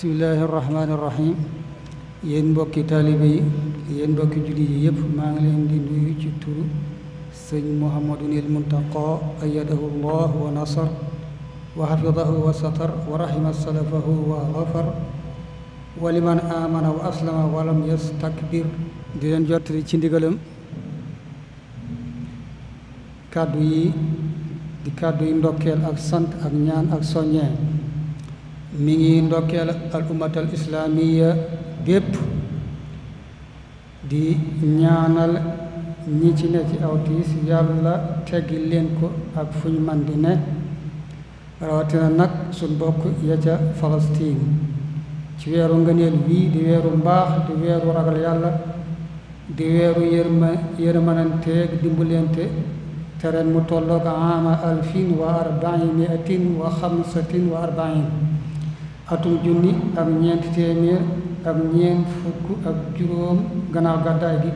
bismillaahi rahmaani rahiim yéen mbokki taalibe yi yéen mbokki julli yi yëpp maa ngi leen di nuyu ci turu sëñ muhammadunil muntaqaa ayadahu llah wa nasar wa xafidahu wa satar wa rahima salafahu wa xafar wa liman aamana wa aslama wa lam yastakbir di leen jottali ci ndigalam kàddu yi di kàddu yi ndokkeel ak sant ak ñaan ak soññee mi ngi ndokkeel al ummatal islaamiya gépp di ñaanal ñi ci ne ci aw tiis yàlla teggi leen ko ak fu ñu man di ne rawatina nag su bokk ya ca Falastiin ci weeru ngëneel bii di weeru mbaax di weeru ragal yàlla di weeru yërma yërmananteeg dimbalante mu tolloog ama alfin wa arbain wa wa arbain atum junni ak ñeenti téeméer ak ñeent fukk ak juróom gannaaw gàddaay gi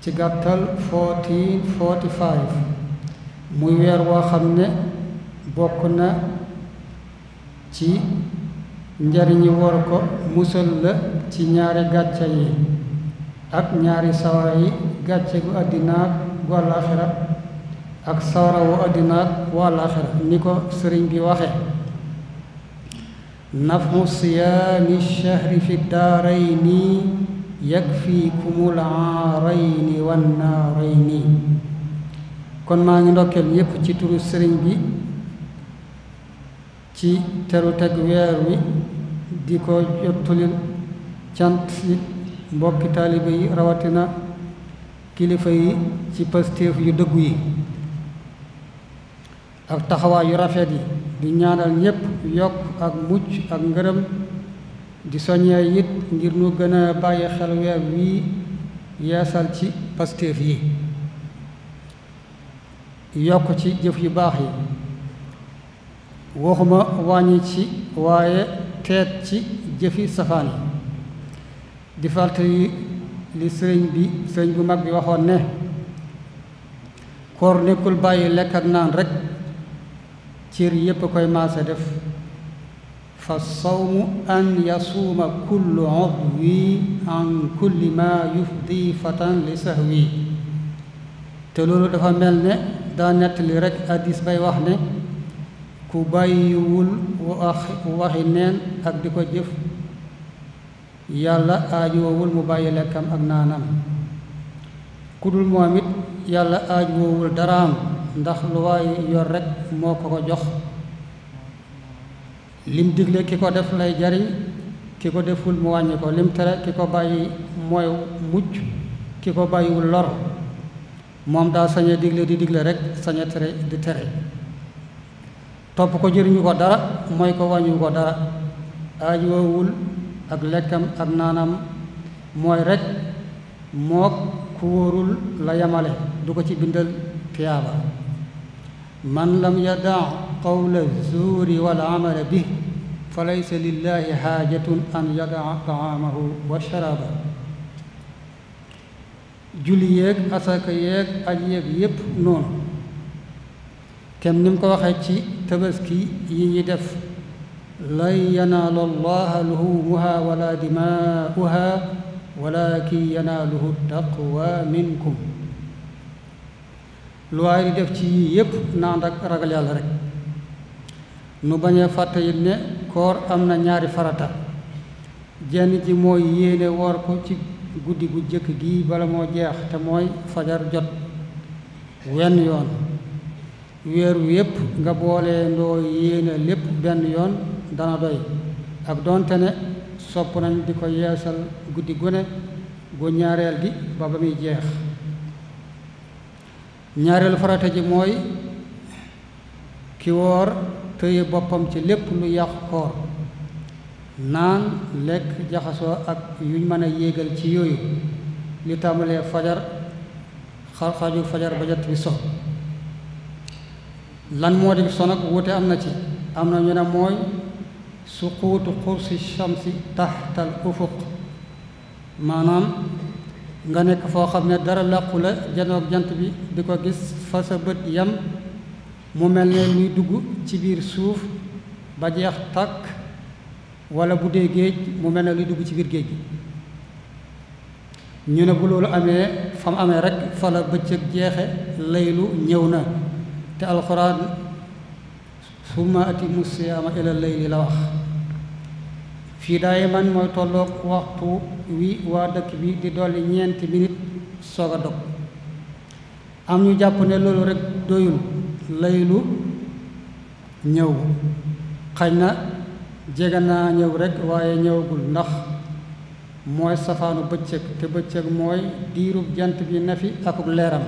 ci gàttal fourteen forty five muy weer woo xam ne bokk na ci njariñi war ko musal la ci ñaari gàcce yi ak ñaari sawara yi gàcce gu àddinaak gu àllaaxira ak sawara wu àddinaak wu àllaaxira ni ko sëriñ gi waxe nafu siyaami shahri fi daarayni yakfikumul aarayni wan naarayni kon maa ngi ndokkeel ñépp ci turu sëriñ bi ci teru teg weer wi di ko jottulil cant yi mbokki taalibe yi rawatina kilifa yi ci pastéef yu dëggu yi ak taxawaay yu rafet yi di ñaanal ñépp yokk ak mucc ak ngërëm di soññee it ngir ñu gën a bàyyi xel weer wii yeesal ci pastéef yi yokk ci jëf yu baax yi waxuma wàññi ci waaye teet ci jëfi safaan yi di fàttali li sëriñ bi sëriñ bu mag bi waxoon ne koor nekkul bàyyi lekk ak naan rekk cër yépp koy maase def fa sawmu an yasuuma kullu udwi an kulli ma yufdi fatan li sahwi te loolu dafa mel ne daa nettali rekk hadiis bay wax ne ku bàyyiwul wax waxi neen ak di ko jëf yàlla aajuwowul mu bàyyi lekkam ak naanam ku dul moom it yàlla aajuwowul daraam ndax lu waay yor rek moo ko ko jox lim digle ki ko def lay jariñ ki ko deful mu wàññi ko lim tere ki ko bàyyi mooy mucc ki ko bàyyiwul lor moom daa sañe digle di digle rek sañe tere di tere topp ko jëriñu ko dara mooy ko wàññiwu ko dara aajoowul ak lekkam ak naanam mooy rekk mook ku wóorul la yamale du ko ci bindal tiyaaba man lam yadaa qawla zuuri wal amala bih fa laysa lillahi xaajatun an yadaa taamahu wa sharaaba julli yeeg asaka yeeg aj yeeg yépp noonu kem ni mu ko waxee ci tabaski yi ñi def lan yanaalu allaha luhumuha wala dimaa'uha walakin yanaaluhu taqwa minkum lu waay di def ci yii yépp na ak ragal rekk rek nu bañee fàtte it ne koor am na ñaari farata jenn ji mooy yéene woor ko ci guddi gu jëkk gi bala moo jeex te mooy fajar jot wenn yoon weer wi yépp nga boolee ndoo yéene lépp benn yoon dana doy ak doonte ne sopp nañu di ko yeesal guddi gune gu ñaareel gi ba ba muy jeex ñaareelu farata ji mooy ki woor tëye boppam ci lépp lu yàq koor naan lekk jaxasoo ak yuñ mën a yéegal ci yooyu li tàmbalee fajar xarxaaju fajar ba jot bi lan moo di so nag wuute am na ci am na ñu ne mooy suquutu xursi shamsi taxtal ufuq maanaam nga nekk foo xam ne dara làqu la janoog jant bi di ko gis fa sa bët yam mu mel ne luy dugg ci biir suuf ba jeex tàkk wala bu géej mu mel ne luy dugg ci biir géej gi ñu ne bu loolu amee fam amee rek fa la bëccëg jeexe laylu ñëw na te alxuraan summa atimu siyaama ila layli la wax fidaay man mooy tolloog waxtu wi waa dëkk bi di dolli ñeenti minit soog a dog am ñu jàpp ne loolu rek doyul laylu ñëw xañ na jege naa ñëw rekk waaye ñëwagul ndax mooy safaanu bëccëg te bëccëg mooy diirub jant bi na fi akuk leeram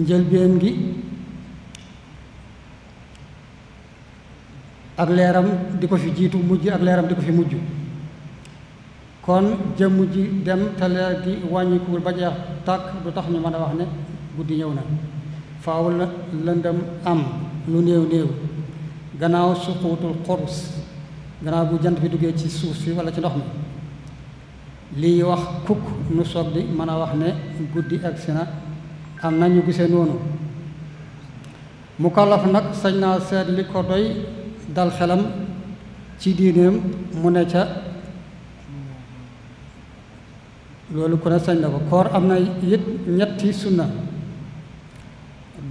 njëlbeen gi ak leeram di ko fi jiitu mujj ak leeram di ko fi mujj kon jëmm ji dem te leer gi wàññikuwul ba jeex tàkk du tax ñu mën a wax ne guddi ñëw na faaw la lëndëm am lu néew néew gannaaw suquutul xurus gannaaw bu jant bi duggee ci suuf si walla ci ndox mi lii wax kukk nu soog di mën a wax ne guddi agsi na am na ñu gisee noonu mu kallaf nag sañ naa seet li ko doy dalxelam ci diineem mu ne ca loolu ku ne sañ na ko koor am na it ñetti sunna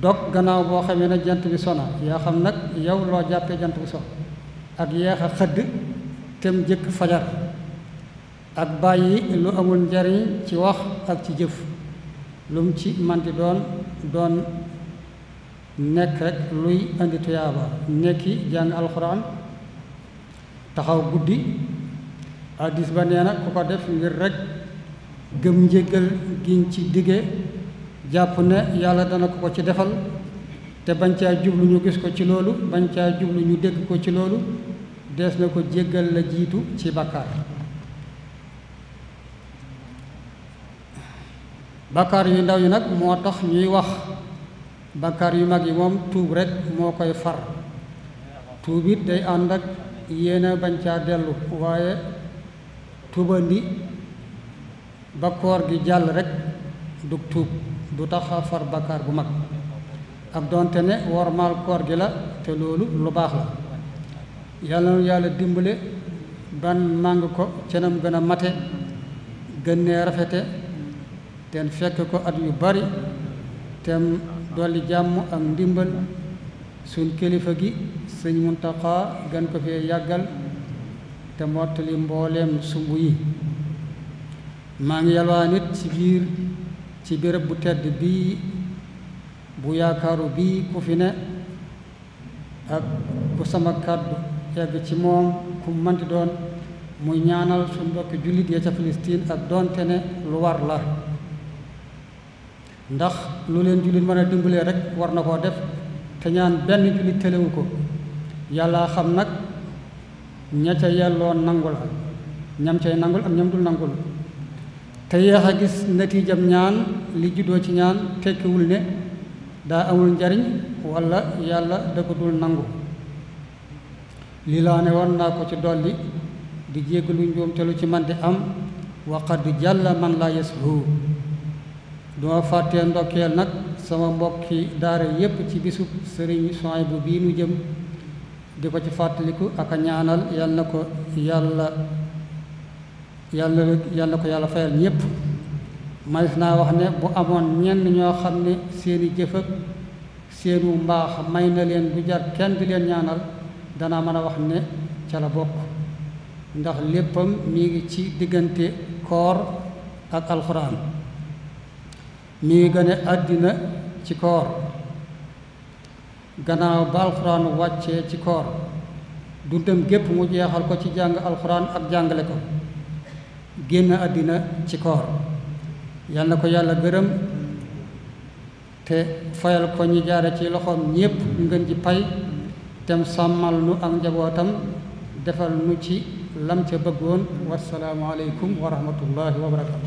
dog gannaaw boo xamee ne jant bi sona yaa xam nag yow loo jàppee jant bi so ak yeex a xëdd tem jëkk fajar ak bàyyi lu amul njariñ ci wax ak ci jëf lu mu ci man di doon doon nekk rek luy indi tuyaaba nekki jàng alxuraan taxaw guddi addis ba nee na ku ko def ngir rekk gëm njéggal gi ci digge jàpp ne yàlla dana ko ko ci defal te bañ caa jublu ñu gis ko ci loolu bañ caa jublu ñu dégg ko ci loolu des na ko jéggal la jiitu ci bàkkaar bàkkaar yu ndaw yi nag moo tax ñuy wax bakkaar yu mag yi moom tuub rekk moo koy far tuub day ànd ak yéena bañ caa dellu waaye tuubandi ba koor gi jàll rekk du tuub du tax a far bakkaar bu mag ab doonte ne wormaal koor gi la te loolu lu baax la yàlla na yàlla dimbale ban màng ko cenam gën a mate gën nee rafete ten fekk ko at yu bari tem dolli jàmm ak ndimbal suñ kilifa gi sëñ Muntaxa gën ko fee yàggal te mottali mbooleem sumb yi maa ngi yalwaa nit ci biir ci béréb bu tedd bii bu yaakaaru bii ku fi ne ak bu sama kàddu egg ci moom ku manti doon muy ñaanal suñ mbokki jullit ya ca Palestine ak doonte ne lu war la ndax lu leen jullit mën a dimbalee rek war na koo def te ñaan benn jullit télewu ko yàlla xam nag ña ca yelloo nangu la ñam cay nangul am ñam dul nangul te yéex a gis natiijam ñaan li juddoo ci ñaan tekkiwul ne daa amul njariñ walla yàlla da nangu lii laa ne war naa ko ci dolli di jéggalu njuum te lu ci man di am waqad jàll man laa yashu duma fàttee ndokkeel nag sama mbokki daara yépp ci bisub sëriñ bu bii mu jëm di ko ci fàttaliku ak ñaanal yal na ko yàlla yàlla yal ko yàlla fayal ñépp mais naa wax ne bu amoon ñenn ñoo xam ne seeni jëf ak seenu mbaax may na leen bu jar kenn di leen ñaanal danaa mën a wax ne ca la bokk ndax léppam mi ngi ci diggante koor ak alxuraan mi ngi gane àddina ci koor gannaaw ba alxuraan wàccee ci koor dundam gépp mu jeexal ko ci jàng alxuraan ak jàngale ko génn àddina ci koor yal na ko yàlla gërëm te fayal ko ñi jaare ci loxoom ñépp ngeen ji pay tem sàmmal nu ak njabootam defal nu ci lam ca bëggoon wasalaamu aleykum wa rahmatullahi wa